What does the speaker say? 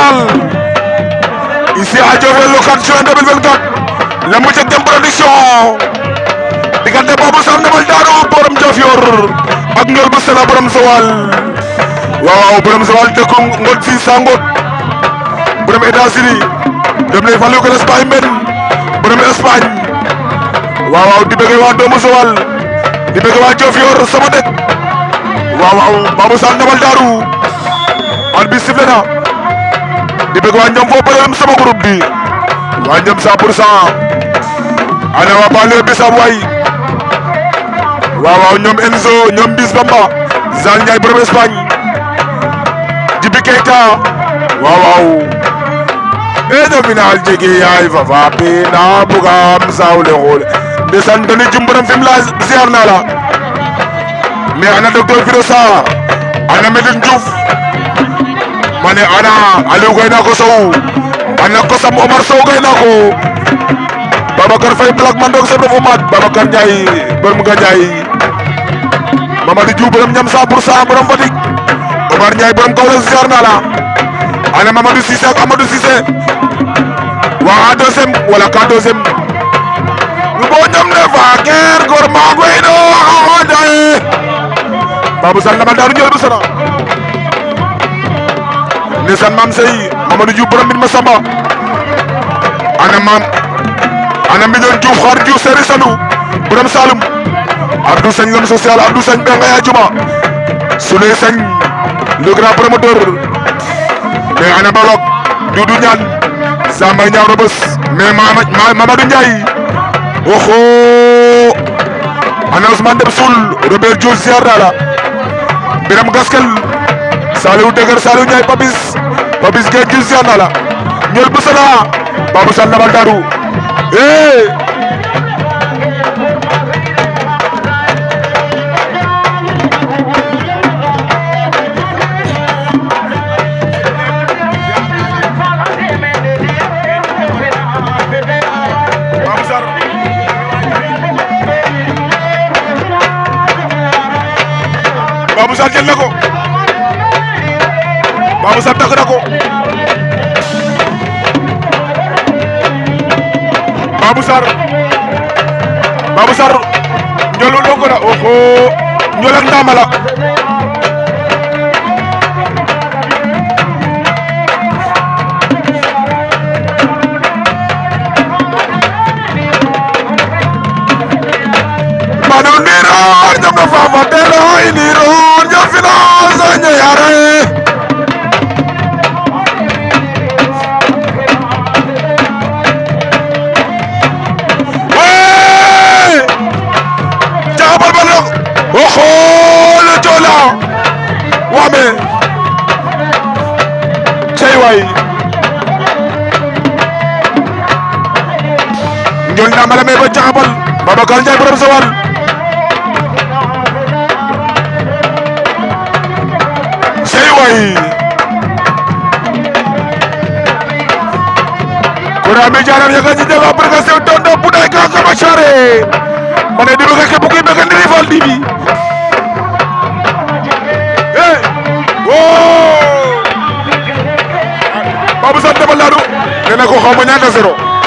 nationale ici à Diofior le 4 juin 2024 Lamb Thiek Jam production diggante Babou Sam Ndamal Daaru borom Diofior ak Ndiol bu Sala borom Sowal waaw borom Sowal dëkku Ngot fii saa Ngot borom États-Unis dem lay fàllu ko Espagne men borom waaw waaw di bëgg waa doomu Sowal di bëgg waa Diofior sama dëkk waaw waaw Babou Sam Ndamal Daaru arbitre bi bëgg waa ñoom foo bëri sama groupe bi waa ñoom 100 pour ana waa Bale Bisam waay waaw waaw ñoom Enzo ñoom Bis Bamba Zal Ndiaye borom Espagne Jibi Keita waaw waaw e no final jege yaay fafa pe na bugam sawle xool ndeysaan dani jumbaram fi mu la ziar naa la ana docteur Fido Sarr ana Medine Diouf ma ne ana Aliou Gaynako Sow ànd ak ko Sam Omar Sow Gaynako Babacar Faye Black Mandong Chef de Fomad Babacar Ndiaye borom Gandiaye Mamadou Diouf borom ñam 100 pour 100 borom Fatick Omar Ndiaye borom Kaolack ziar naa la ana Mamadou Cissé ak Amadou Cissé waa deuxième wala ka deuxième ñu boo ñam ne vaquer góor maa goy no a day Babou Sall daanu jël bu sana ndeysaan maam sey Mamadou Diouf borom mbir ma samba ana maam ana xaar Diouf seeri sanu borom Saloum Abdou Sagne l'homme social Abdou Sagne benga yaa juma Souley Sagne le grand promoteur mais ana balok Doudou Niane Samba Niang Rebeuss mais Mamadou Ndiaye oxo ana Ousmane Deb Soul Robert Diouf ziar dala Biram Gaskel Saliou Dëgër Saliou Ndiaye Papis Papis Gueye Christian ala ñol busala Babou Sall nabal daru eh Babou Sall jël na ko Babou Sam takk na ko Babou Sarr Babou Sarr Ndiol longo na oho Ndiol ak Ndama la manu ndiro na faama telo i ndiro jam fina sa ñeyare waay njool na mala me ba caxabal Babacar Ndiaye borom Joal sey waay kura mi jarar yaga ji delo barka sew tondo buday ka kama share ¡No cojo xaw cero.